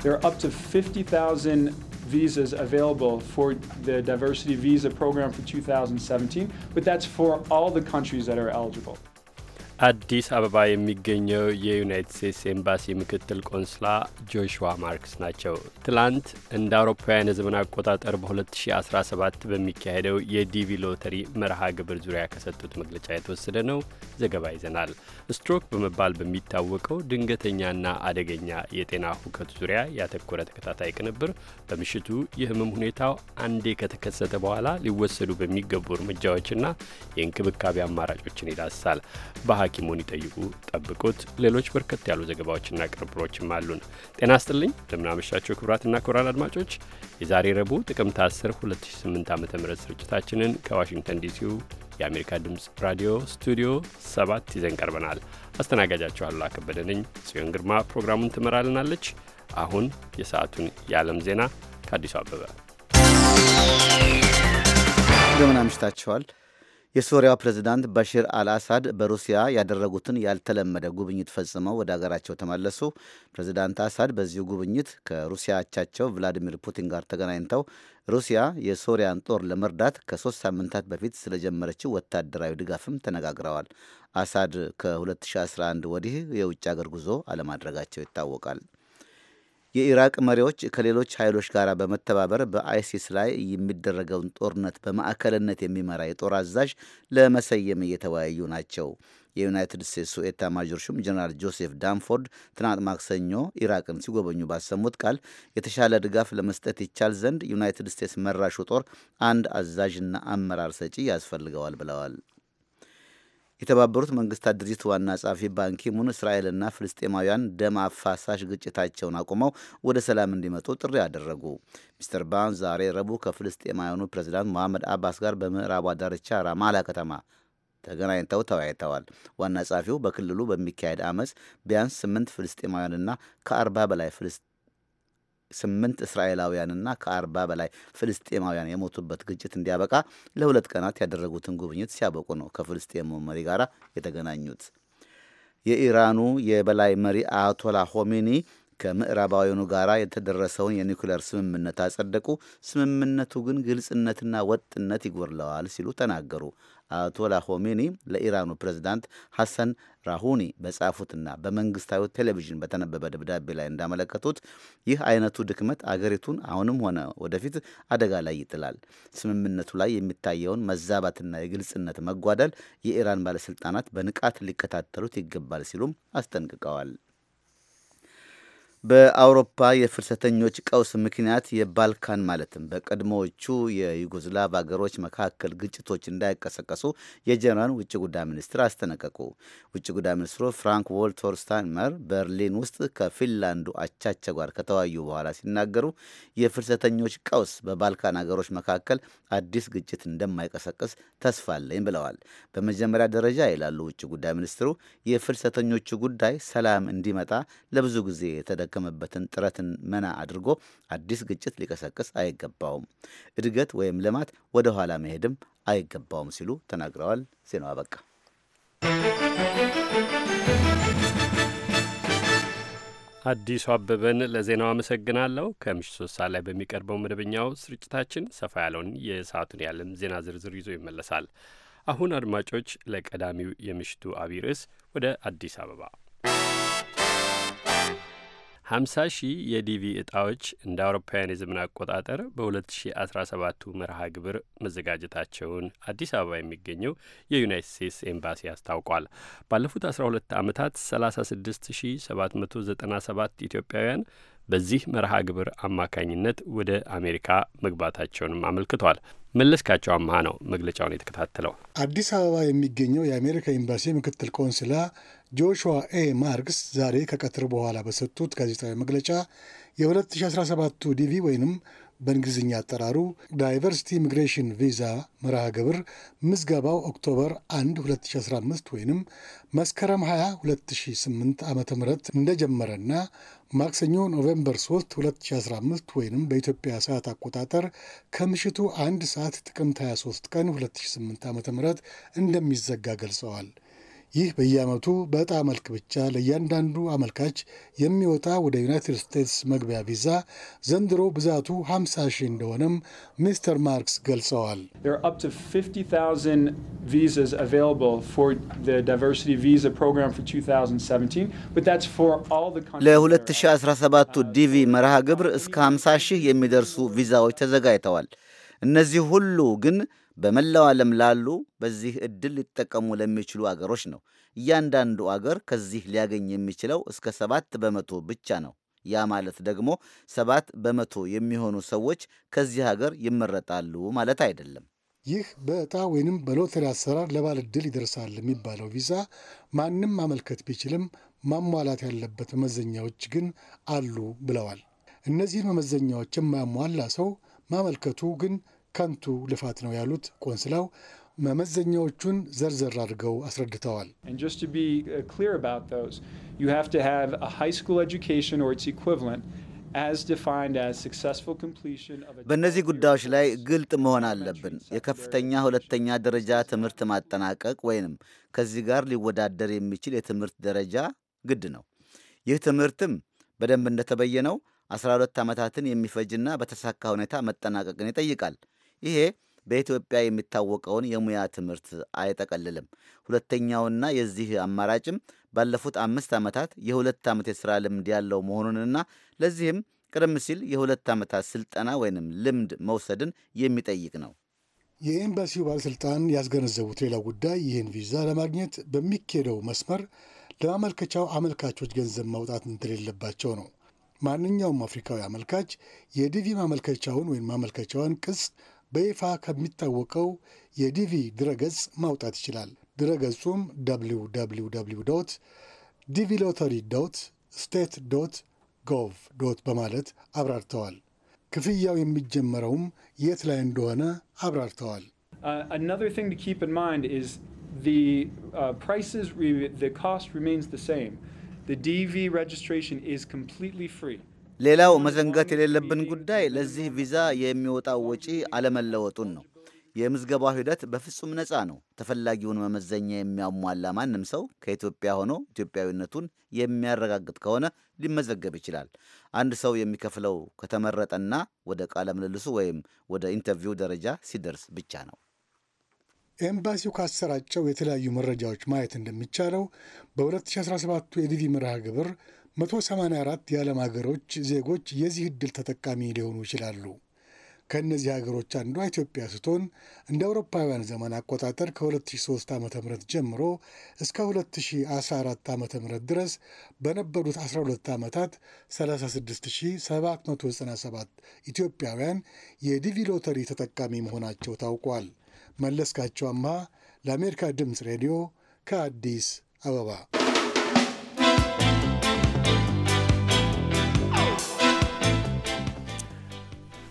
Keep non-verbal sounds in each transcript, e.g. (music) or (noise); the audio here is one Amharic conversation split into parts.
There are up to 50,000 visas available for the diversity visa program for 2017, but that's for all the countries that are eligible. አዲስ አበባ የሚገኘው የዩናይትድ ስቴትስ ኤምባሲ ምክትል ቆንስላ ጆሹዋ ማርክስ ናቸው። ትላንት እንደ አውሮፓውያን የዘመን አቆጣጠር በ2017 በሚካሄደው የዲቪ ሎተሪ መርሃ ግብር ዙሪያ ከሰጡት መግለጫ የተወሰደ ነው። ዘገባ ይዘናል። ስትሮክ በመባል በሚታወቀው ድንገተኛና አደገኛ የጤና ሁከት ዙሪያ ያተኮረ ተከታታይ ቅንብር በምሽቱ የህመም ሁኔታው አንዴ ከተከሰተ በኋላ ሊወሰዱ በሚገቡ እርምጃዎችና የእንክብካቤ አማራጮችን ይዳስሳል። ሐኪሙን ይጠይቁ ጠብቁት። ሌሎች በርከት ያሉ ዘገባዎችና ቅርብሮችም አሉን። ጤና ስጥልኝ እንደምናመሻቸው ክቡራትና ክቡራን አድማጮች የዛሬ ረቡዕ ጥቅምት 10 2008 ዓ ም ስርጭታችንን ከዋሽንግተን ዲሲው የአሜሪካ ድምፅ ራዲዮ ስቱዲዮ 7 ይዘን ቀርበናል። አስተናጋጃችሁ አሉላ ከበደ ነኝ። ጽዮን ግርማ ፕሮግራሙን ትመራልናለች። አሁን የሰዓቱን የዓለም ዜና ከአዲሱ አበበ እንደምን አምሽታችኋል። የሶሪያው ፕሬዝዳንት ባሽር አልአሳድ በሩሲያ ያደረጉትን ያልተለመደ ጉብኝት ፈጽመው ወደ አገራቸው ተመለሱ። ፕሬዝዳንት አሳድ በዚሁ ጉብኝት ከሩሲያ አቻቸው ቭላዲሚር ፑቲን ጋር ተገናኝተው ሩሲያ የሶሪያን ጦር ለመርዳት ከሶስት ሳምንታት በፊት ስለጀመረችው ወታደራዊ ድጋፍም ተነጋግረዋል። አሳድ ከ2011 ወዲህ የውጭ አገር ጉዞ አለማድረጋቸው ይታወቃል። የኢራቅ መሪዎች ከሌሎች ኃይሎች ጋር በመተባበር በአይሲስ ላይ የሚደረገውን ጦርነት በማዕከልነት የሚመራ የጦር አዛዥ ለመሰየም እየተወያዩ ናቸው። የዩናይትድ ስቴትሱ ኤታ ማጆር ሹም ጀነራል ጆሴፍ ዳንፎርድ ትናንት ማክሰኞ ኢራቅን ሲጎበኙ ባሰሙት ቃል የተሻለ ድጋፍ ለመስጠት ይቻል ዘንድ ዩናይትድ ስቴትስ መራሹ ጦር አንድ አዛዥና አመራር ሰጪ ያስፈልገዋል ብለዋል። የተባበሩት መንግስታት ድርጅት ዋና ጸሐፊ ባንኪሙን እስራኤልና ፍልስጤማውያን ደም አፋሳሽ ግጭታቸውን አቁመው ወደ ሰላም እንዲመጡ ጥሪ አደረጉ። ሚስተር ባን ዛሬ ረቡዕ ከፍልስጤማውያኑ ፕሬዚዳንት መሐመድ አባስ ጋር በምዕራቧ ዳርቻ ራማላ ከተማ ተገናኝተው ተወያይተዋል። ዋና ጸሐፊው በክልሉ በሚካሄድ አመፅ ቢያንስ ስምንት ፍልስጤማውያንና ከአርባ በላይ ስምንት እስራኤላውያንና ከአርባ በላይ ፍልስጤማውያን የሞቱበት ግጭት እንዲያበቃ ለሁለት ቀናት ያደረጉትን ጉብኝት ሲያበቁ ነው ከፍልስጤሙ መሪ ጋር የተገናኙት። የኢራኑ የበላይ መሪ አያቶላ ሆሜኒ ከምዕራባውያኑ ጋር የተደረሰውን የኒኩሌር ስምምነት አጸደቁ። ስምምነቱ ግን ግልጽነትና ወጥነት ይጎድለዋል ሲሉ ተናገሩ። አያቶላ ሆሜኒ ለኢራኑ ፕሬዚዳንት ሐሰን ራሁኒ በጻፉትና በመንግስታዊ ቴሌቪዥን በተነበበ ደብዳቤ ላይ እንዳመለከቱት ይህ አይነቱ ድክመት አገሪቱን አሁንም ሆነ ወደፊት አደጋ ላይ ይጥላል። ስምምነቱ ላይ የሚታየውን መዛባትና የግልጽነት መጓደል የኢራን ባለስልጣናት በንቃት ሊከታተሉት ይገባል ሲሉም አስጠንቅቀዋል። በአውሮፓ የፍልሰተኞች ቀውስ ምክንያት የባልካን ማለትም በቀድሞዎቹ የዩጎዝላቭ ሀገሮች መካከል ግጭቶች እንዳይቀሰቀሱ የጀርመን ውጭ ጉዳይ ሚኒስትር አስጠነቀቁ። ውጭ ጉዳይ ሚኒስትሩ ፍራንክ ቮልተር ስታይንመር በርሊን ውስጥ ከፊንላንዱ አቻቸው ጋር ከተወያዩ በኋላ ሲናገሩ የፍልሰተኞች ቀውስ በባልካን ሀገሮች መካከል አዲስ ግጭት እንደማይቀሰቅስ ተስፋ አለኝ ብለዋል። በመጀመሪያ ደረጃ ይላሉ ውጭ ጉዳይ ሚኒስትሩ የፍልሰተኞቹ ጉዳይ ሰላም እንዲመጣ ለብዙ ጊዜ የተደከ የተዳከመበትን ጥረትን መና አድርጎ አዲስ ግጭት ሊቀሰቅስ አይገባውም። እድገት ወይም ልማት ወደ ኋላ መሄድም አይገባውም ሲሉ ተናግረዋል። ዜናው አበቃ። አዲሱ አበበን ለዜናው አመሰግናለሁ። ከምሽቱ ሶስት ሰዓት ላይ በሚቀርበው መደበኛው ስርጭታችን ሰፋ ያለውን የሰዓቱን የዓለም ዜና ዝርዝር ይዞ ይመለሳል። አሁን አድማጮች፣ ለቀዳሚው የምሽቱ አብይ ርዕስ ወደ አዲስ አበባ 50 ሺህ የዲቪ እጣዎች እንደ አውሮፓውያን የዘመን አቆጣጠር በ2017 መርሃ ግብር መዘጋጀታቸውን አዲስ አበባ የሚገኘው የዩናይትድ ስቴትስ ኤምባሲ አስታውቋል። ባለፉት 12 ዓመታት 36797 ኢትዮጵያውያን በዚህ መርሃ ግብር አማካኝነት ወደ አሜሪካ መግባታቸውንም አመልክቷል። መለስካቸው አምሃ ነው መግለጫውን የተከታተለው። አዲስ አበባ የሚገኘው የአሜሪካ ኤምባሲ ምክትል ቆንስላ ጆሹዋ ኤ ማርክስ ዛሬ ከቀትር በኋላ በሰጡት ጋዜጣዊ መግለጫ የ2017ቱ ዲቪ ወይንም በእንግሊዝኛ አጠራሩ ዳይቨርሲቲ ኢሚግሬሽን ቪዛ መርሃ ግብር ምዝገባው ኦክቶበር 1 2015 ወይንም መስከረም 20 2008 ዓ ም እንደጀመረና ማክሰኞ ኖቬምበር 3 2015 ወይንም በኢትዮጵያ ሰዓት አቆጣጠር ከምሽቱ 1 ሰዓት ጥቅምት 23 ቀን 2008 ዓ ም እንደሚዘጋ ገልጸዋል። ይህ በየዓመቱ በዕጣ መልክ ብቻ ለእያንዳንዱ አመልካች የሚወጣ ወደ ዩናይትድ ስቴትስ መግቢያ ቪዛ ዘንድሮ ብዛቱ 50 ሺህ እንደሆነም ሚስተር ማርክስ ገልጸዋል። ለ2017ቱ ዲቪ መርሃ ግብር እስከ 50 ሺህ የሚደርሱ ቪዛዎች ተዘጋጅተዋል። እነዚህ ሁሉ ግን በመላው ዓለም ላሉ በዚህ እድል ሊጠቀሙ ለሚችሉ አገሮች ነው። እያንዳንዱ አገር ከዚህ ሊያገኝ የሚችለው እስከ ሰባት በመቶ ብቻ ነው። ያ ማለት ደግሞ ሰባት በመቶ የሚሆኑ ሰዎች ከዚህ ሀገር ይመረጣሉ ማለት አይደለም። ይህ በእጣ ወይንም በሎተሪ አሰራር ለባለ ዕድል ይደርሳል የሚባለው ቪዛ ማንም ማመልከት ቢችልም ማሟላት ያለበት መመዘኛዎች ግን አሉ ብለዋል። እነዚህን መመዘኛዎች የማያሟላ ሰው ማመልከቱ ግን ከንቱ ልፋት ነው ያሉት ቆንስላው መመዘኛዎቹን ዘርዘር አድርገው አስረድተዋል። uh, በእነዚህ ጉዳዮች ላይ ግልጥ መሆን አለብን። የከፍተኛ ሁለተኛ ደረጃ ትምህርት ማጠናቀቅ ወይንም ከዚህ ጋር ሊወዳደር የሚችል የትምህርት ደረጃ ግድ ነው። ይህ ትምህርትም በደንብ እንደተበየነው 12 ዓመታትን የሚፈጅና በተሳካ ሁኔታ መጠናቀቅን ይጠይቃል። ይሄ በኢትዮጵያ የሚታወቀውን የሙያ ትምህርት አይጠቀልልም። ሁለተኛውና የዚህ አማራጭም ባለፉት አምስት ዓመታት የሁለት ዓመት የሥራ ልምድ ያለው መሆኑንና ለዚህም ቀደም ሲል የሁለት ዓመታት ስልጠና ወይንም ልምድ መውሰድን የሚጠይቅ ነው። የኤምባሲው ባለሥልጣን ያስገነዘቡት ሌላው ጉዳይ ይህን ቪዛ ለማግኘት በሚካሄደው መስመር ለማመልከቻው አመልካቾች ገንዘብ ማውጣት እንደሌለባቸው ነው። ማንኛውም አፍሪካዊ አመልካች የዲቪ ማመልከቻውን ወይም ማመልከቻዋን ቅጽ በይፋ ከሚታወቀው የዲቪ ድረገጽ ማውጣት ይችላል። ድረገጹም www ዶት ዲቪ ሎተሪ ዶት ስቴት ዶት ጎቭ ዶት በማለት አብራርተዋል። ክፍያው የሚጀመረውም የት ላይ እንደሆነ አብራርተዋል። ዲቪ ሬጅስትሬሽን ኢዝ ኮምፕሊትሊ ፍሪ ሌላው መዘንጋት የሌለብን ጉዳይ ለዚህ ቪዛ የሚወጣው ወጪ አለመለወጡን ነው። የምዝገባው ሂደት በፍጹም ነፃ ነው። ተፈላጊውን መመዘኛ የሚያሟላ ማንም ሰው ከኢትዮጵያ ሆኖ ኢትዮጵያዊነቱን የሚያረጋግጥ ከሆነ ሊመዘገብ ይችላል። አንድ ሰው የሚከፍለው ከተመረጠና ወደ ቃለ ምልልሱ ወይም ወደ ኢንተርቪው ደረጃ ሲደርስ ብቻ ነው። ኤምባሲው ካሰራጨው የተለያዩ መረጃዎች ማየት እንደሚቻለው በ2017 የዲቪ መርሃ ግብር 184 የዓለም ሀገሮች ዜጎች የዚህ ዕድል ተጠቃሚ ሊሆኑ ይችላሉ። ከእነዚህ ሀገሮች አንዷ ኢትዮጵያ ስትሆን እንደ አውሮፓውያን ዘመን አቆጣጠር ከ2003 ዓ ም ጀምሮ እስከ 2014 ዓ ም ድረስ በነበሩት 12 ዓመታት 36797 ኢትዮጵያውያን የዲቪ ሎተሪ ተጠቃሚ መሆናቸው ታውቋል። መለስካቸው አማ ለአሜሪካ ድምፅ ሬዲዮ ከአዲስ አበባ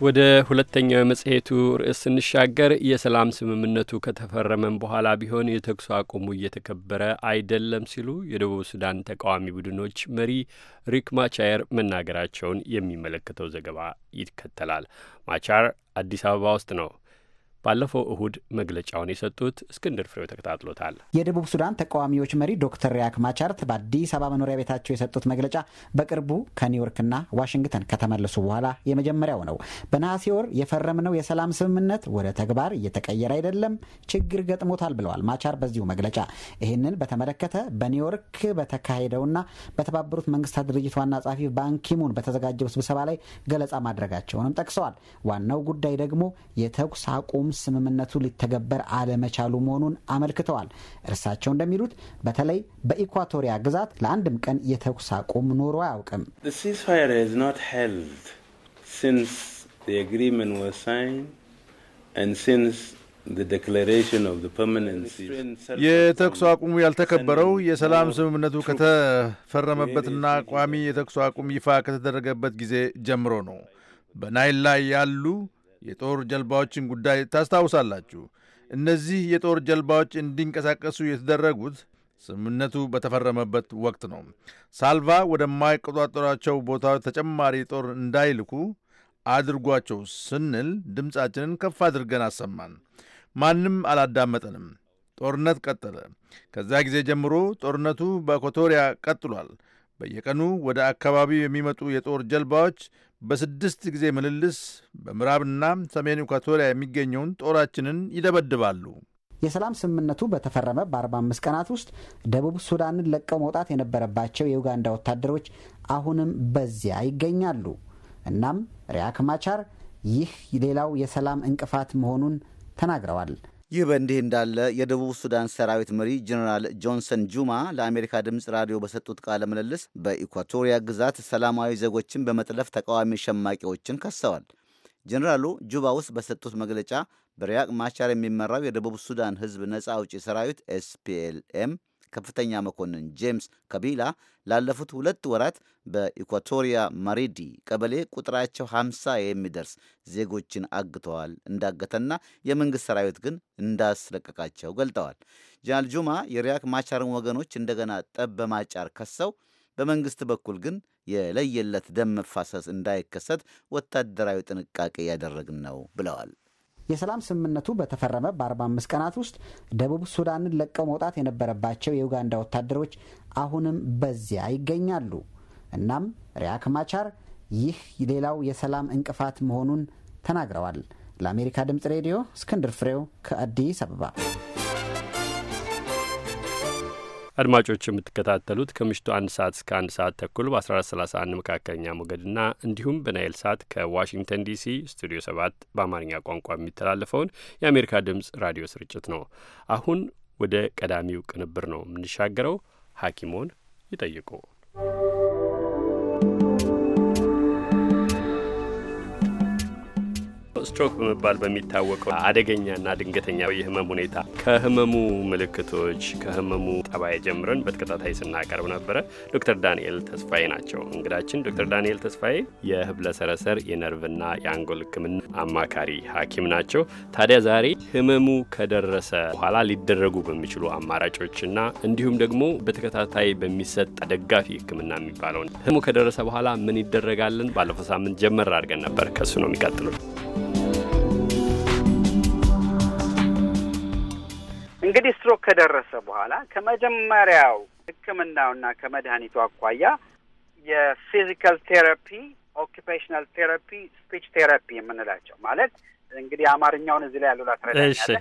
ወደ ሁለተኛው የመጽሔቱ ርዕስ ስንሻገር የሰላም ስምምነቱ ከተፈረመም በኋላ ቢሆን የተኩስ አቁሙ እየተከበረ አይደለም ሲሉ የደቡብ ሱዳን ተቃዋሚ ቡድኖች መሪ ሪክ ማቻየር መናገራቸውን የሚመለከተው ዘገባ ይከተላል። ማቻር አዲስ አበባ ውስጥ ነው ባለፈው እሁድ መግለጫውን የሰጡት እስክንድር ፍሬው ተከታትሎታል። የደቡብ ሱዳን ተቃዋሚዎች መሪ ዶክተር ሪያክ ማቻርት በአዲስ አበባ መኖሪያ ቤታቸው የሰጡት መግለጫ በቅርቡ ከኒውዮርክና ዋሽንግተን ከተመለሱ በኋላ የመጀመሪያው ነው። በነሐሴ ወር የፈረምነው የሰላም ስምምነት ወደ ተግባር እየተቀየረ አይደለም፣ ችግር ገጥሞታል ብለዋል ማቻር በዚሁ መግለጫ። ይህንን በተመለከተ በኒውዮርክ በተካሄደውና በተባበሩት መንግስታት ድርጅት ዋና ጸሐፊ ባንኪሙን በተዘጋጀው ስብሰባ ላይ ገለጻ ማድረጋቸውንም ጠቅሰዋል። ዋናው ጉዳይ ደግሞ የተኩስ አቁም ሆኖም ስምምነቱ ሊተገበር አለመቻሉ መሆኑን አመልክተዋል። እርሳቸው እንደሚሉት በተለይ በኢኳቶሪያ ግዛት ለአንድም ቀን የተኩስ አቁም ኖሮ አያውቅም። የተኩስ አቁሙ ያልተከበረው የሰላም ስምምነቱ ከተፈረመበትና ቋሚ የተኩስ አቁም ይፋ ከተደረገበት ጊዜ ጀምሮ ነው። በናይል ላይ ያሉ የጦር ጀልባዎችን ጉዳይ ታስታውሳላችሁ። እነዚህ የጦር ጀልባዎች እንዲንቀሳቀሱ የተደረጉት ስምምነቱ በተፈረመበት ወቅት ነው። ሳልቫ ወደማይቆጣጠሯቸው ቦታዎች ተጨማሪ ጦር እንዳይልኩ አድርጓቸው ስንል ድምፃችንን ከፍ አድርገን አሰማን። ማንም አላዳመጠንም። ጦርነት ቀጠለ። ከዚያ ጊዜ ጀምሮ ጦርነቱ በኮቶሪያ ቀጥሏል። በየቀኑ ወደ አካባቢው የሚመጡ የጦር ጀልባዎች በስድስት ጊዜ ምልልስ በምዕራብና ሰሜን ኢኳቶሪያ የሚገኘውን ጦራችንን ይደበድባሉ። የሰላም ስምምነቱ በተፈረመ በ45 ቀናት ውስጥ ደቡብ ሱዳንን ለቀው መውጣት የነበረባቸው የኡጋንዳ ወታደሮች አሁንም በዚያ ይገኛሉ። እናም ሪያክ ማቻር ይህ ሌላው የሰላም እንቅፋት መሆኑን ተናግረዋል። ይህ በእንዲህ እንዳለ የደቡብ ሱዳን ሰራዊት መሪ ጀኔራል ጆንሰን ጁማ ለአሜሪካ ድምፅ ራዲዮ በሰጡት ቃለ ምልልስ በኢኳቶሪያ ግዛት ሰላማዊ ዜጎችን በመጥለፍ ተቃዋሚ ሸማቂዎችን ከሰዋል። ጀኔራሉ ጁባ ውስጥ በሰጡት መግለጫ በሪያቅ ማቻር የሚመራው የደቡብ ሱዳን ሕዝብ ነፃ አውጪ ሰራዊት ኤስፒኤልኤም ከፍተኛ መኮንን ጄምስ ከቢላ ላለፉት ሁለት ወራት በኢኳቶሪያ ማሪዲ ቀበሌ ቁጥራቸው 50 የሚደርስ ዜጎችን አግተዋል እንዳገተና የመንግሥት ሰራዊት ግን እንዳስለቀቃቸው ገልጠዋል። ጀነራል ጁማ የሪያክ ማቻርን ወገኖች እንደገና ጠብ በማጫር ከሰው በመንግስት በኩል ግን የለየለት ደም መፋሰስ እንዳይከሰት ወታደራዊ ጥንቃቄ ያደረግን ነው ብለዋል። የሰላም ስምምነቱ በተፈረመ በ45 ቀናት ውስጥ ደቡብ ሱዳንን ለቀው መውጣት የነበረባቸው የኡጋንዳ ወታደሮች አሁንም በዚያ ይገኛሉ። እናም ሪያክ ማቻር ይህ ሌላው የሰላም እንቅፋት መሆኑን ተናግረዋል። ለአሜሪካ ድምፅ ሬዲዮ እስክንድር ፍሬው ከአዲስ አበባ አድማጮች የምትከታተሉት ከምሽቱ አንድ ሰዓት እስከ አንድ ሰዓት ተኩል በ1431 መካከለኛ ሞገድና እንዲሁም በናይል ሳት ከዋሽንግተን ዲሲ ስቱዲዮ ሰባት በአማርኛ ቋንቋ የሚተላለፈውን የአሜሪካ ድምፅ ራዲዮ ስርጭት ነው። አሁን ወደ ቀዳሚው ቅንብር ነው የምንሻገረው። ሐኪሞን ይጠይቁ ስትሮክ በመባል በሚታወቀው አደገኛና ድንገተኛ የህመም ሁኔታ ከህመሙ ምልክቶች ከህመሙ ጠባይ ጀምረን በተከታታይ ስናቀርብ ነበረ። ዶክተር ዳንኤል ተስፋዬ ናቸው እንግዳችን። ዶክተር ዳንኤል ተስፋዬ የህብለሰረሰር የነርቭና የአንጎል ህክምና አማካሪ ሐኪም ናቸው። ታዲያ ዛሬ ህመሙ ከደረሰ በኋላ ሊደረጉ በሚችሉ አማራጮችና እንዲሁም ደግሞ በተከታታይ በሚሰጥ ደጋፊ ህክምና የሚባለውን ህመሙ ከደረሰ በኋላ ምን ይደረጋልን ባለፈው ሳምንት ጀመር አድርገን ነበር። ከሱ ነው የሚቀጥሉት። እንግዲህ ስትሮክ ከደረሰ በኋላ ከመጀመሪያው ህክምናውና ከመድኃኒቱ አኳያ የፊዚካል ቴራፒ፣ ኦኪፔሽናል ቴራፒ፣ ስፒች ቴራፒ የምንላቸው ማለት እንግዲህ አማርኛውን እዚህ ላይ ያሉላ ትረዳኛለ።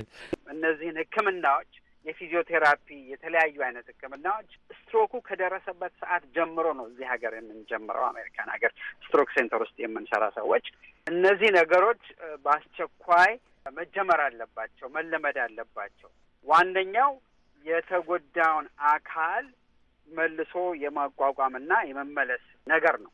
እነዚህን ህክምናዎች የፊዚዮቴራፒ የተለያዩ አይነት ህክምናዎች ስትሮኩ ከደረሰበት ሰዓት ጀምሮ ነው እዚህ ሀገር የምንጀምረው። አሜሪካን ሀገር ስትሮክ ሴንተር ውስጥ የምንሰራ ሰዎች እነዚህ ነገሮች በአስቸኳይ መጀመር አለባቸው፣ መለመድ አለባቸው። ዋነኛው የተጎዳውን አካል መልሶ የማቋቋምና የመመለስ ነገር ነው።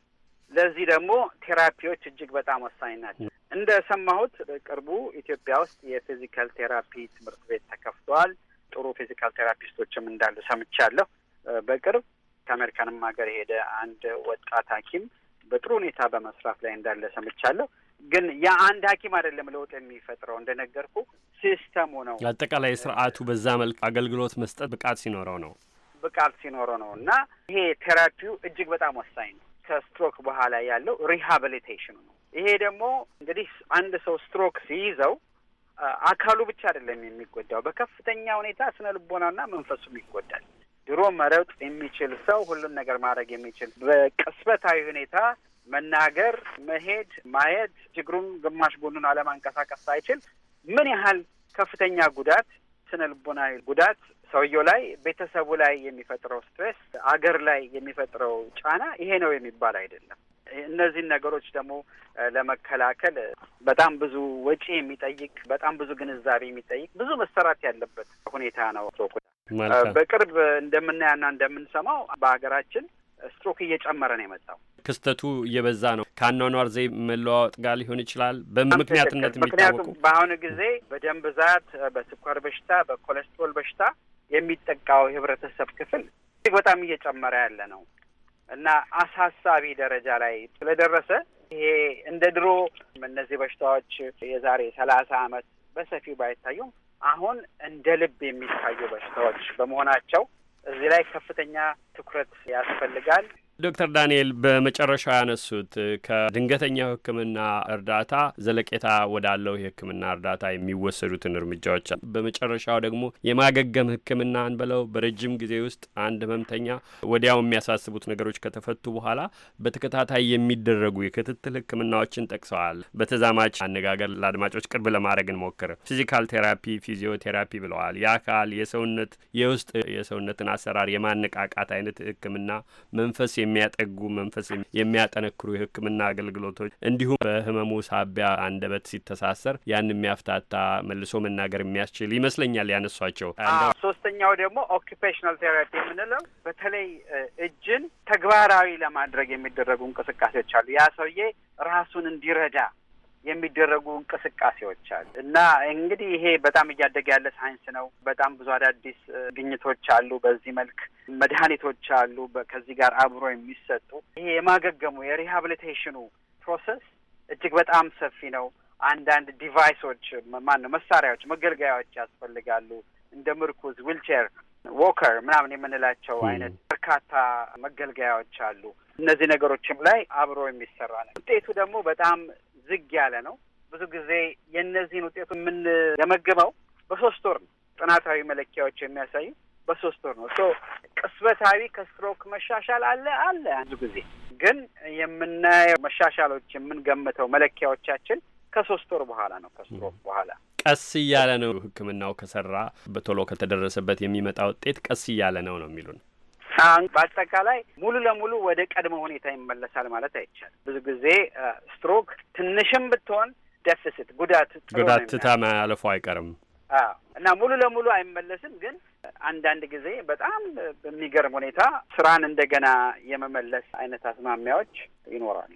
ለዚህ ደግሞ ቴራፒዎች እጅግ በጣም ወሳኝ ናቸው። እንደ ሰማሁት ቅርቡ ኢትዮጵያ ውስጥ የፊዚካል ቴራፒ ትምህርት ቤት ተከፍተዋል። ጥሩ ፊዚካል ቴራፒስቶችም እንዳሉ ሰምቻለሁ። በቅርብ ከአሜሪካንም ሀገር የሄደ አንድ ወጣት ሐኪም በጥሩ ሁኔታ በመስራት ላይ እንዳለ ሰምቻለሁ። ግን አንድ ሐኪም አይደለም ለውጥ የሚፈጥረው እንደነገርኩ ሲስተሙ ነው። አጠቃላይ ስርዓቱ በዛ መልክ አገልግሎት መስጠት ብቃት ሲኖረው ነው ብቃት ሲኖረው ነው። እና ይሄ ቴራፒው እጅግ በጣም ወሳኝ ነው። ከስትሮክ በኋላ ያለው ሪሃብሊቴሽኑ ነው። ይሄ ደግሞ እንግዲህ አንድ ሰው ስትሮክ ሲይዘው አካሉ ብቻ አይደለም የሚጎዳው፣ በከፍተኛ ሁኔታ ስነ ልቦናና መንፈሱም ይጎዳል። ድሮ መረጥ የሚችል ሰው ሁሉን ነገር ማድረግ የሚችል በቅስበታዊ ሁኔታ መናገር፣ መሄድ፣ ማየት ችግሩን ግማሽ ጎኑን አለማንቀሳቀስ ሳይችል ምን ያህል ከፍተኛ ጉዳት ስነ ልቦናዊ ጉዳት ሰውየው ላይ፣ ቤተሰቡ ላይ የሚፈጥረው ስትሬስ፣ አገር ላይ የሚፈጥረው ጫና ይሄ ነው የሚባል አይደለም። እነዚህን ነገሮች ደግሞ ለመከላከል በጣም ብዙ ወጪ የሚጠይቅ በጣም ብዙ ግንዛቤ የሚጠይቅ ብዙ መሰራት ያለበት ሁኔታ ነው። በቅርብ እንደምናያና እንደምንሰማው በሀገራችን ስትሮክ እየጨመረ ነው የመጣው። ክስተቱ እየበዛ ነው። ከአኗኗር ዘይ መለዋወጥ ጋር ሊሆን ይችላል። በምክንያትነት የሚታወቁ በአሁኑ ጊዜ በደም ብዛት፣ በስኳር በሽታ፣ በኮሌስትሮል በሽታ የሚጠቃው የህብረተሰብ ክፍል እጅግ በጣም እየጨመረ ያለ ነው እና አሳሳቢ ደረጃ ላይ ስለደረሰ ይሄ እንደ ድሮ እነዚህ በሽታዎች የዛሬ ሰላሳ አመት በሰፊው ባይታዩም አሁን እንደ ልብ የሚታዩ በሽታዎች በመሆናቸው እዚህ ላይ ከፍተኛ ትኩረት ያስፈልጋል። ዶክተር ዳንኤል በመጨረሻው ያነሱት ከድንገተኛ ሕክምና እርዳታ ዘለቄታ ወዳለው የሕክምና እርዳታ የሚወሰዱትን እርምጃዎች በመጨረሻው ደግሞ የማገገም ህክምናን ብለው በረጅም ጊዜ ውስጥ አንድ ህመምተኛ ወዲያው የሚያሳስቡት ነገሮች ከተፈቱ በኋላ በተከታታይ የሚደረጉ የክትትል ሕክምናዎችን ጠቅሰዋል። በተዛማች አነጋገር ለአድማጮች ቅርብ ለማድረግ እንሞክር። ፊዚካል ቴራፒ፣ ፊዚዮቴራፒ ብለዋል። የአካል የሰውነት የውስጥ የሰውነትን አሰራር የማነቃቃት አይነት ሕክምና መንፈስ የሚያጠጉ መንፈስ የሚያጠነክሩ የሕክምና አገልግሎቶች እንዲሁም በህመሙ ሳቢያ አንደበት ሲተሳሰር ያን የሚያፍታታ መልሶ መናገር የሚያስችል ይመስለኛል ያነሷቸው። ሶስተኛው ደግሞ ኦኪፔሽናል ቴራፒ የምንለው በተለይ እጅን ተግባራዊ ለማድረግ የሚደረጉ እንቅስቃሴዎች አሉ። ያ ሰውዬ ራሱን እንዲረዳ የሚደረጉ እንቅስቃሴዎች አሉ እና እንግዲህ ይሄ በጣም እያደገ ያለ ሳይንስ ነው። በጣም ብዙ አዳዲስ ግኝቶች አሉ። በዚህ መልክ መድኃኒቶች አሉ ከዚህ ጋር አብሮ የሚሰጡ ይሄ የማገገሙ የሪሃብሊቴሽኑ ፕሮሰስ እጅግ በጣም ሰፊ ነው። አንዳንድ ዲቫይሶች ማን ነው መሳሪያዎች፣ መገልገያዎች ያስፈልጋሉ እንደ ምርኩዝ፣ ዊልቸር፣ ዎከር ምናምን የምንላቸው አይነት በርካታ መገልገያዎች አሉ። እነዚህ ነገሮችም ላይ አብሮ የሚሰራ ነው። ውጤቱ ደግሞ በጣም ዝግ ያለ ነው። ብዙ ጊዜ የእነዚህን ውጤቱ የምንገመግመው በሶስት ወር ነው። ጥናታዊ መለኪያዎች የሚያሳዩ በሶስት ወር ነው። ቅስበታዊ ከስትሮክ መሻሻል አለ አለ ብዙ ጊዜ ግን የምናየው መሻሻሎች የምንገምተው መለኪያዎቻችን ከሶስት ወር በኋላ ነው ከስትሮክ በኋላ ቀስ እያለ ነው ሕክምናው ከሰራ በቶሎ ከተደረሰበት የሚመጣ ውጤት ቀስ እያለ ነው ነው የሚሉን በአጠቃላይ ሙሉ ለሙሉ ወደ ቀድሞ ሁኔታ ይመለሳል ማለት አይቻልም። ብዙ ጊዜ ስትሮክ ትንሽም ብትሆን ደፍስት ጉዳት ጉዳት ትታ ማለፉ አይቀርም እና ሙሉ ለሙሉ አይመለስም። ግን አንዳንድ ጊዜ በጣም በሚገርም ሁኔታ ስራን እንደገና የመመለስ አይነት አስማሚያዎች ይኖራሉ።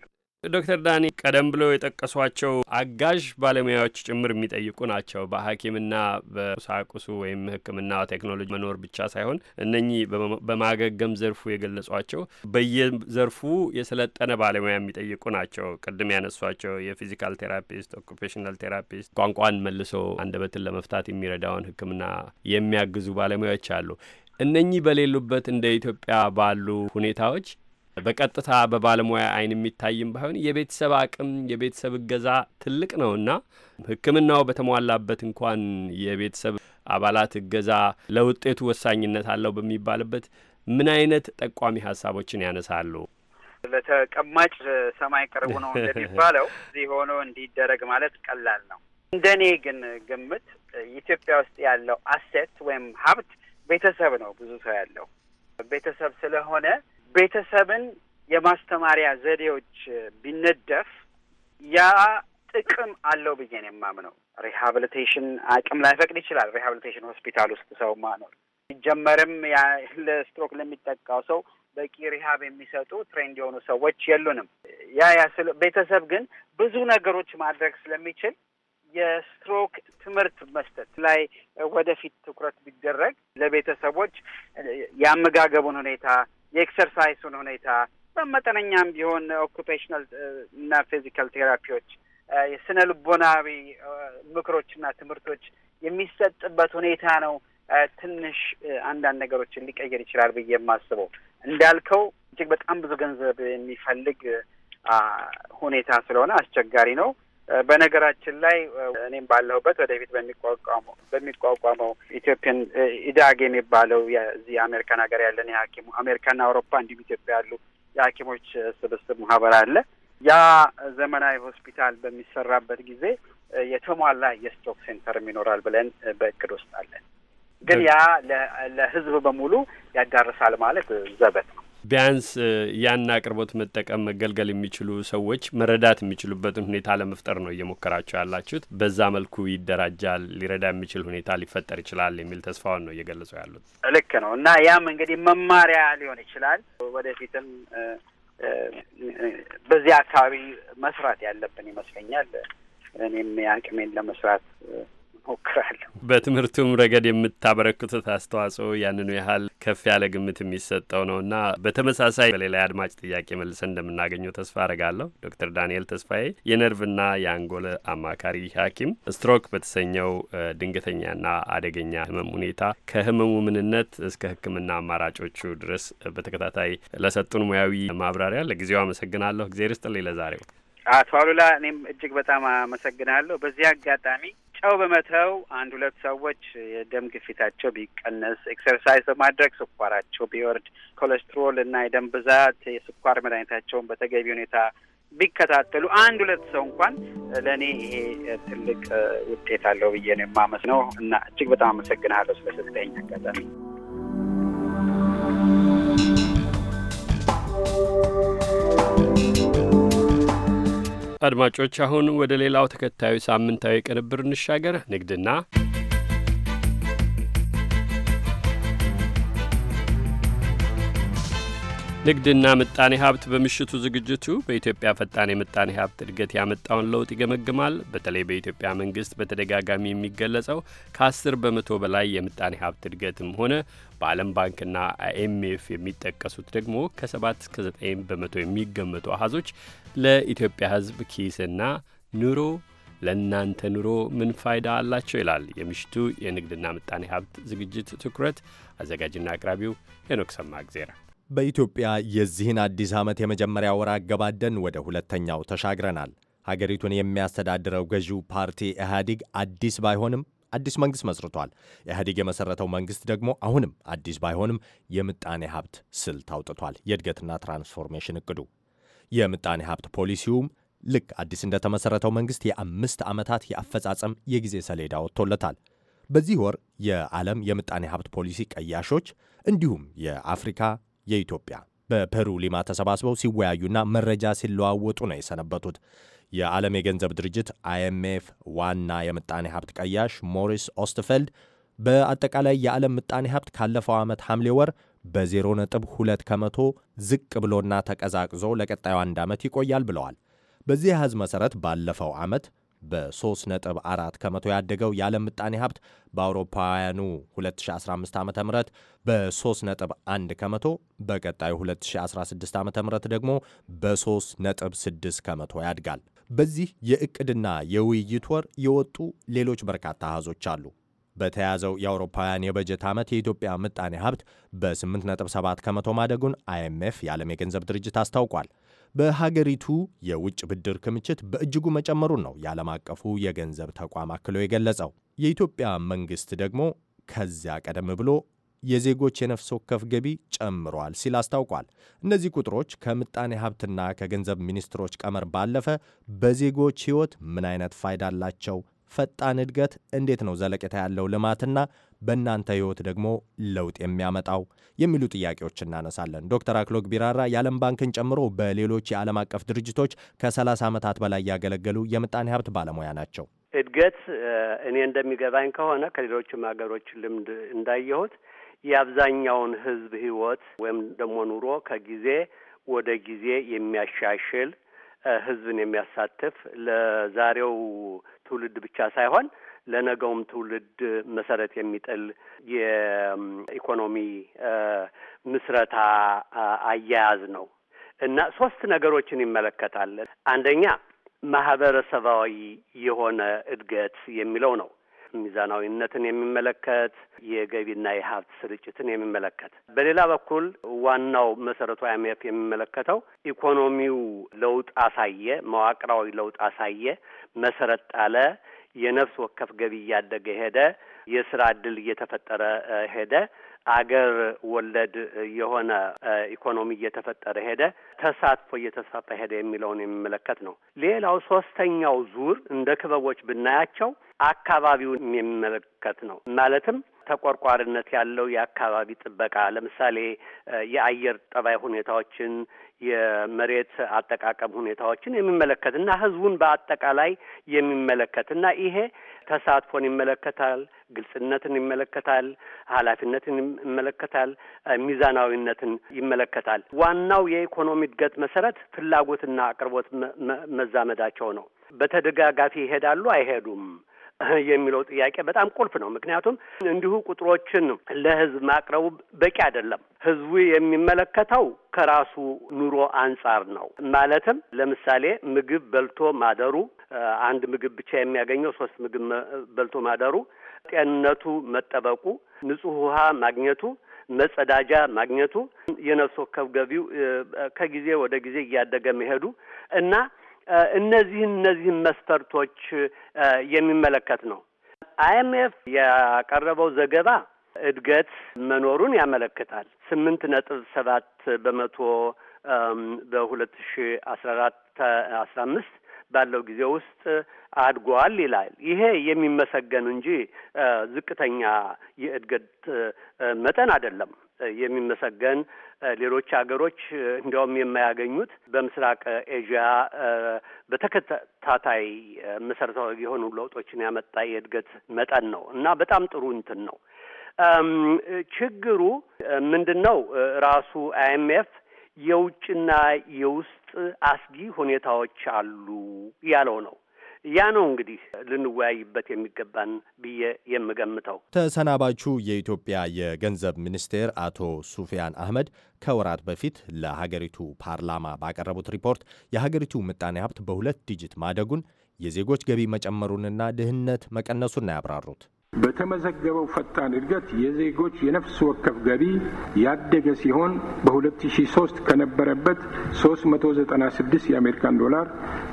ዶክተር ዳኒ ቀደም ብሎ የጠቀሷቸው አጋዥ ባለሙያዎች ጭምር የሚጠይቁ ናቸው። በሐኪምና በቁሳቁሱ ወይም ሕክምና ቴክኖሎጂ መኖር ብቻ ሳይሆን እነኚህ በማገገም ዘርፉ የገለጿቸው በየዘርፉ የሰለጠነ ባለሙያ የሚጠይቁ ናቸው። ቅድም ያነሷቸው የፊዚካል ቴራፒስት፣ ኦኩፔሽናል ቴራፒስት፣ ቋንቋን መልሶ አንደበትን ለመፍታት የሚረዳውን ሕክምና የሚያግዙ ባለሙያዎች አሉ። እነኚህ በሌሉበት እንደ ኢትዮጵያ ባሉ ሁኔታዎች በቀጥታ በባለሙያ አይን የሚታይም ባይሆን የቤተሰብ አቅም የቤተሰብ እገዛ ትልቅ ነውና ሕክምናው በተሟላበት እንኳን የቤተሰብ አባላት እገዛ ለውጤቱ ወሳኝነት አለው በሚባልበት ምን አይነት ጠቋሚ ሀሳቦችን ያነሳሉ? ለተቀማጭ ሰማይ ቅርቡ ነው እንደሚባለው፣ (laughs) እዚህ ሆኖ እንዲደረግ ማለት ቀላል ነው። እንደኔ ግን ግምት ኢትዮጵያ ውስጥ ያለው አሴት ወይም ሀብት ቤተሰብ ነው። ብዙ ሰው ያለው ቤተሰብ ስለሆነ ቤተሰብን የማስተማሪያ ዘዴዎች ቢነደፍ ያ ጥቅም አለው ብዬ ነው የማምነው። ሪሃብሊቴሽን አቅም ላይፈቅድ ይችላል። ሪሃብሊቴሽን ሆስፒታል ውስጥ ሰው ማኖር ሲጀመርም ለስትሮክ ለሚጠቃው ሰው በቂ ሪሃብ የሚሰጡ ትሬንድ የሆኑ ሰዎች የሉንም። ያ ያ ቤተሰብ ግን ብዙ ነገሮች ማድረግ ስለሚችል የስትሮክ ትምህርት መስጠት ላይ ወደፊት ትኩረት ቢደረግ ለቤተሰቦች የአመጋገቡን ሁኔታ የኤክሰርሳይሱን ሁኔታ በመጠነኛም ቢሆን ኦኩፔሽናል እና ፊዚካል ቴራፒዎች የስነ ልቦናዊ ምክሮችና ትምህርቶች የሚሰጥበት ሁኔታ ነው። ትንሽ አንዳንድ ነገሮችን ሊቀየር ይችላል ብዬ የማስበው እንዳልከው እጅግ በጣም ብዙ ገንዘብ የሚፈልግ ሁኔታ ስለሆነ አስቸጋሪ ነው። በነገራችን ላይ እኔም ባለሁበት ወደፊት በሚቋቋመው በሚቋቋመው ኢትዮጵያን ኢዳግ የሚባለው የዚህ የአሜሪካን ሀገር ያለን የሐኪሙ አሜሪካና አውሮፓ እንዲሁም ኢትዮጵያ ያሉ የሐኪሞች ስብስብ ማህበር አለ። ያ ዘመናዊ ሆስፒታል በሚሰራበት ጊዜ የተሟላ የስቶክ ሴንተርም ይኖራል ብለን በእቅድ ውስጥ አለን። ግን ያ ለህዝብ በሙሉ ያዳርሳል ማለት ዘበት ነው። ቢያንስ ያን አቅርቦት መጠቀም መገልገል የሚችሉ ሰዎች መረዳት የሚችሉበትን ሁኔታ ለመፍጠር ነው እየሞከራቸው ያላችሁት። በዛ መልኩ ይደራጃል፣ ሊረዳ የሚችል ሁኔታ ሊፈጠር ይችላል የሚል ተስፋውን ነው እየገለጹ ያሉት። ልክ ነው እና ያም እንግዲህ መማሪያ ሊሆን ይችላል ወደፊትም በዚህ አካባቢ መስራት ያለብን ይመስለኛል። እኔም የአቅሜን ለመስራት ሞክራለሁ። በትምህርቱም ረገድ የምታበረክቱት አስተዋጽኦ ያንኑ ያህል ከፍ ያለ ግምት የሚሰጠው ነው እና በተመሳሳይ በሌላ አድማጭ ጥያቄ መልሰን እንደምናገኘው ተስፋ አረጋለሁ። ዶክተር ዳንኤል ተስፋዬ የነርቭና የአንጎል አማካሪ ሐኪም ስትሮክ በተሰኘው ድንገተኛና አደገኛ ህመም ሁኔታ ከህመሙ ምንነት እስከ ሕክምና አማራጮቹ ድረስ በተከታታይ ለሰጡን ሙያዊ ማብራሪያ ለጊዜው አመሰግናለሁ። እግዜር ይስጥልኝ። ለዛሬው አቶ አሉላ እኔም እጅግ በጣም አመሰግናለሁ። በዚህ አጋጣሚ ጨው በመተው አንድ ሁለት ሰዎች የደም ግፊታቸው ቢቀነስ፣ ኤክሰርሳይዝ በማድረግ ስኳራቸው ቢወርድ፣ ኮሌስትሮል እና የደም ብዛት፣ የስኳር መድኃኒታቸውን በተገቢ ሁኔታ ቢከታተሉ አንድ ሁለት ሰው እንኳን ለእኔ ይሄ ትልቅ ውጤት አለው ብዬ ነው የማመስ ነው እና እጅግ በጣም አመሰግናለሁ ስለሰጠኝ አጋጣሚ። አድማጮች አሁን ወደ ሌላው ተከታዩ ሳምንታዊ ቅንብር እንሻገር። ንግድና ንግድና ምጣኔ ሀብት በምሽቱ ዝግጅቱ በኢትዮጵያ ፈጣን የምጣኔ ሀብት እድገት ያመጣውን ለውጥ ይገመግማል። በተለይ በኢትዮጵያ መንግስት በተደጋጋሚ የሚገለጸው ከአስር በመቶ በላይ የምጣኔ ሀብት እድገትም ሆነ በዓለም ባንክና አይኤምኤፍ የሚጠቀሱት ደግሞ ከሰባት እስከ ዘጠኝ በመቶ የሚገመቱ አሀዞች ለኢትዮጵያ ሕዝብ ኪስና ኑሮ ለእናንተ ኑሮ ምን ፋይዳ አላቸው ይላል የምሽቱ የንግድና ምጣኔ ሀብት ዝግጅት ትኩረት። አዘጋጅና አቅራቢው ሄኖክ ሰማእግዜር በኢትዮጵያ የዚህን አዲስ ዓመት የመጀመሪያ ወር አገባደን ወደ ሁለተኛው ተሻግረናል። ሀገሪቱን የሚያስተዳድረው ገዢው ፓርቲ ኢህአዲግ አዲስ ባይሆንም አዲስ መንግሥት መስርቷል። ኢህአዲግ የመሠረተው መንግሥት ደግሞ አሁንም አዲስ ባይሆንም የምጣኔ ሀብት ስልት አውጥቷል። የእድገትና ትራንስፎርሜሽን እቅዱ የምጣኔ ሀብት ፖሊሲውም ልክ አዲስ እንደተመሠረተው መንግሥት የአምስት ዓመታት የአፈጻጸም የጊዜ ሰሌዳ ወጥቶለታል። በዚህ ወር የዓለም የምጣኔ ሀብት ፖሊሲ ቀያሾች እንዲሁም የአፍሪካ የኢትዮጵያ በፔሩ ሊማ ተሰባስበው ሲወያዩና መረጃ ሲለዋወጡ ነው የሰነበቱት። የዓለም የገንዘብ ድርጅት አይኤምኤፍ ዋና የምጣኔ ሀብት ቀያሽ ሞሪስ ኦስትፌልድ በአጠቃላይ የዓለም ምጣኔ ሀብት ካለፈው ዓመት ሐምሌ ወር በ ነጥብ ከመቶ ዝቅ ብሎና ተቀዛቅዞ ለቀጣዩ አንድ ዓመት ይቆያል ብለዋል። በዚህ አሃዝ መሠረት ባለፈው ዓመት በ3.4 ከመቶ ያደገው የዓለም ምጣኔ ሀብት በአውሮፓውያኑ 2015 ዓ ም በ3.1 ከመቶ በቀጣዩ 2016 ዓ ም ደግሞ በ3.6 ከመቶ ያድጋል። በዚህ የእቅድና የውይይት ወር የወጡ ሌሎች በርካታ አሃዞች አሉ። በተያዘው የአውሮፓውያን የበጀት ዓመት የኢትዮጵያ ምጣኔ ሀብት በ8.7 ከመቶ ማደጉን አይኤምኤፍ የዓለም የገንዘብ ድርጅት አስታውቋል። በሀገሪቱ የውጭ ብድር ክምችት በእጅጉ መጨመሩን ነው የዓለም አቀፉ የገንዘብ ተቋም አክሎ የገለጸው። የኢትዮጵያ መንግሥት ደግሞ ከዚያ ቀደም ብሎ የዜጎች የነፍስ ወከፍ ገቢ ጨምሯል ሲል አስታውቋል። እነዚህ ቁጥሮች ከምጣኔ ሀብትና ከገንዘብ ሚኒስትሮች ቀመር ባለፈ በዜጎች ሕይወት ምን አይነት ፋይዳ አላቸው? ፈጣን እድገት እንዴት ነው ዘለቄታ ያለው ልማትና በእናንተ ህይወት ደግሞ ለውጥ የሚያመጣው የሚሉ ጥያቄዎች እናነሳለን። ዶክተር አክሎግ ቢራራ የዓለም ባንክን ጨምሮ በሌሎች የዓለም አቀፍ ድርጅቶች ከ30 ዓመታት በላይ ያገለገሉ የምጣኔ ሀብት ባለሙያ ናቸው። እድገት እኔ እንደሚገባኝ ከሆነ ከሌሎችም ሀገሮች ልምድ እንዳየሁት የአብዛኛውን ህዝብ ህይወት ወይም ደግሞ ኑሮ ከጊዜ ወደ ጊዜ የሚያሻሽል ህዝብን የሚያሳትፍ ለዛሬው ትውልድ ብቻ ሳይሆን ለነገውም ትውልድ መሰረት የሚጥል የኢኮኖሚ ምስረታ አያያዝ ነው እና ሶስት ነገሮችን ይመለከታል። አንደኛ ማህበረሰባዊ የሆነ እድገት የሚለው ነው። ሚዛናዊነትን የሚመለከት የገቢና የሀብት ስርጭትን የሚመለከት በሌላ በኩል ዋናው መሰረቱ አይምኤፍ የሚመለከተው ኢኮኖሚው ለውጥ አሳየ፣ መዋቅራዊ ለውጥ አሳየ፣ መሰረት ጣለ፣ የነፍስ ወከፍ ገቢ እያደገ ሄደ። የስራ እድል እየተፈጠረ ሄደ። አገር ወለድ የሆነ ኢኮኖሚ እየተፈጠረ ሄደ። ተሳትፎ እየተስፋፋ ሄደ የሚለውን የሚመለከት ነው። ሌላው ሶስተኛው ዙር እንደ ክበቦች ብናያቸው አካባቢውን የሚመለከት ነው። ማለትም ተቆርቋሪነት ያለው የአካባቢ ጥበቃ ለምሳሌ የአየር ጠባይ ሁኔታዎችን፣ የመሬት አጠቃቀም ሁኔታዎችን የሚመለከት እና ህዝቡን በአጠቃላይ የሚመለከት እና ይሄ ተሳትፎን ይመለከታል፣ ግልጽነትን ይመለከታል፣ ኃላፊነትን ይመለከታል፣ ሚዛናዊነትን ይመለከታል። ዋናው የኢኮኖሚ እድገት መሰረት ፍላጎትና አቅርቦት መዛመዳቸው ነው። በተደጋጋፊ ይሄዳሉ አይሄዱም የሚለው ጥያቄ በጣም ቁልፍ ነው። ምክንያቱም እንዲሁ ቁጥሮችን ለህዝብ ማቅረቡ በቂ አይደለም። ህዝቡ የሚመለከተው ከራሱ ኑሮ አንጻር ነው። ማለትም ለምሳሌ ምግብ በልቶ ማደሩ፣ አንድ ምግብ ብቻ የሚያገኘው ሶስት ምግብ በልቶ ማደሩ፣ ጤንነቱ መጠበቁ፣ ንጹህ ውሃ ማግኘቱ መጸዳጃ ማግኘቱ የነፍስ ወከፍ ገቢው ከጊዜ ወደ ጊዜ እያደገ መሄዱ እና እነዚህን እነዚህን መስፈርቶች የሚመለከት ነው። አይኤምኤፍ ያቀረበው ዘገባ እድገት መኖሩን ያመለክታል። ስምንት ነጥብ ሰባት በመቶ በሁለት ሺ አስራ አራት አስራ አምስት ባለው ጊዜ ውስጥ አድጓል ይላል። ይሄ የሚመሰገን እንጂ ዝቅተኛ የእድገት መጠን አይደለም። የሚመሰገን ሌሎች ሀገሮች እንዲያውም የማያገኙት በምስራቅ ኤዥያ በተከታታይ መሰረታዊ የሆኑ ለውጦችን ያመጣ የእድገት መጠን ነው እና በጣም ጥሩ እንትን ነው። ችግሩ ምንድን ነው? ራሱ አይኤምኤፍ የውጭና የውስጥ አስጊ ሁኔታዎች አሉ ያለው ነው። ያ ነው እንግዲህ ልንወያይበት የሚገባን ብዬ የምገምተው። ተሰናባቹ የኢትዮጵያ የገንዘብ ሚኒስቴር አቶ ሱፊያን አህመድ ከወራት በፊት ለሀገሪቱ ፓርላማ ባቀረቡት ሪፖርት የሀገሪቱ ምጣኔ ሀብት በሁለት ዲጂት ማደጉን፣ የዜጎች ገቢ መጨመሩንና ድህነት መቀነሱን ያብራሩት። በተመዘገበው ፈጣን እድገት የዜጎች የነፍስ ወከፍ ገቢ ያደገ ሲሆን በ2003 ከነበረበት 396 የአሜሪካን ዶላር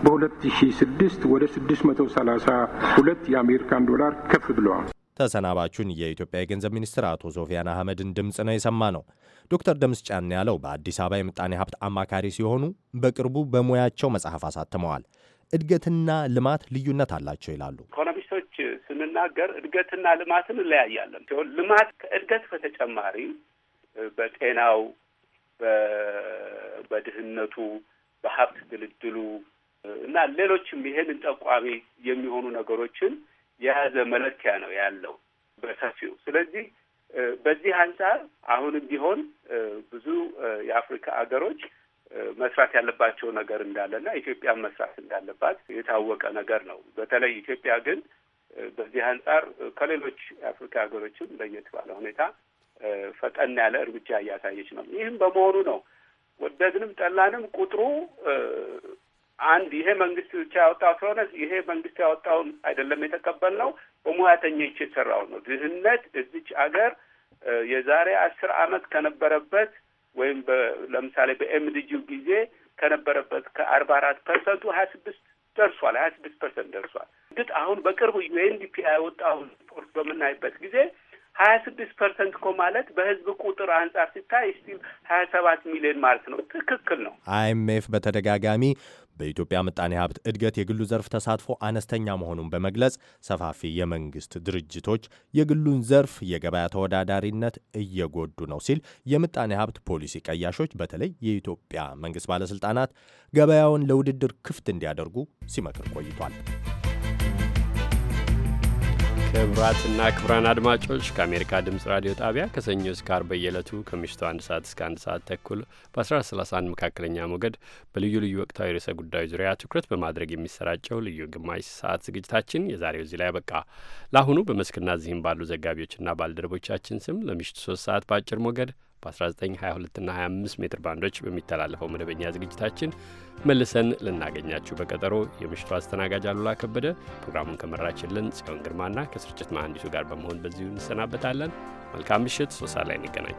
በ2006 ወደ 632 የአሜሪካን ዶላር ከፍ ብለዋል። ተሰናባቹን የኢትዮጵያ የገንዘብ ሚኒስትር አቶ ሶፊያን አህመድን ድምፅ ነው የሰማ ነው። ዶክተር ደምስ ጫን ያለው በአዲስ አበባ የምጣኔ ሀብት አማካሪ ሲሆኑ በቅርቡ በሙያቸው መጽሐፍ አሳትመዋል። እድገትና ልማት ልዩነት አላቸው ይላሉ። ስንናገር እድገትና ልማትን እንለያያለን ሲሆን ልማት ከእድገት በተጨማሪ በጤናው፣ በድህነቱ፣ በሀብት ድልድሉ እና ሌሎችም ይሄንን ጠቋሚ የሚሆኑ ነገሮችን የያዘ መለኪያ ነው ያለው በሰፊው። ስለዚህ በዚህ አንጻር አሁንም ቢሆን ብዙ የአፍሪካ አገሮች መስራት ያለባቸው ነገር እንዳለና ኢትዮጵያ መስራት እንዳለባት የታወቀ ነገር ነው። በተለይ ኢትዮጵያ ግን በዚህ አንጻር ከሌሎች የአፍሪካ ሀገሮችም ለየት ባለ ሁኔታ ፈጠን ያለ እርምጃ እያሳየች ነው። ይህም በመሆኑ ነው ወደድንም ጠላንም ቁጥሩ አንድ ይሄ መንግስት ብቻ ያወጣው ስለሆነ ይሄ መንግስት ያወጣውን አይደለም የተቀበልነው፣ በሙያተኞች የተሰራው ነው። ድህነት እዚች አገር የዛሬ አስር አመት ከነበረበት ወይም ለምሳሌ በኤምዲጂው ጊዜ ከነበረበት ከአርባ አራት ፐርሰንቱ ሀያ ስድስት ደርሷል። ሀያ ስድስት ፐርሰንት ደርሷል። ግጥ አሁን በቅርቡ ዩኤንዲፒ ያወጣውን ሪፖርት በምናይበት ጊዜ ሀያ ስድስት ፐርሰንት እኮ ማለት በህዝብ ቁጥር አንጻር ሲታይ ስቲል ሀያ ሰባት ሚሊዮን ማለት ነው። ትክክል ነው። አይኤምኤፍ በተደጋጋሚ በኢትዮጵያ ምጣኔ ሀብት እድገት የግሉ ዘርፍ ተሳትፎ አነስተኛ መሆኑን በመግለጽ ሰፋፊ የመንግስት ድርጅቶች የግሉን ዘርፍ የገበያ ተወዳዳሪነት እየጎዱ ነው ሲል የምጣኔ ሀብት ፖሊሲ ቀያሾች በተለይ የኢትዮጵያ መንግስት ባለስልጣናት ገበያውን ለውድድር ክፍት እንዲያደርጉ ሲመክር ቆይቷል። ክብራትና ክብራን አድማጮች ከአሜሪካ ድምፅ ራዲዮ ጣቢያ ከሰኞ እስከ አርብ በየዕለቱ ከምሽቱ አንድ ሰዓት እስከ አንድ ሰዓት ተኩል በ 1131 መካከለኛ ሞገድ በልዩ ልዩ ወቅታዊ ርዕሰ ጉዳዮች ዙሪያ ትኩረት በማድረግ የሚሰራጨው ልዩ ግማሽ ሰዓት ዝግጅታችን የዛሬው እዚህ ላይ ያበቃ። ለአሁኑ በመስክና እዚህም ባሉ ዘጋቢዎችና ባልደረቦቻችን ስም ለምሽቱ ሶስት ሰዓት በአጭር ሞገድ በ1922 እና 25 ሜትር ባንዶች በሚተላለፈው መደበኛ ዝግጅታችን መልሰን ልናገኛችሁ በቀጠሮ የምሽቱ አስተናጋጅ አሉላ ከበደ፣ ፕሮግራሙን ከመራችልን ጽዮን ግርማና ከስርጭት መሐንዲሱ ጋር በመሆን በዚሁ እንሰናበታለን። መልካም ምሽት። ሶሳ ላይ እንገናኝ።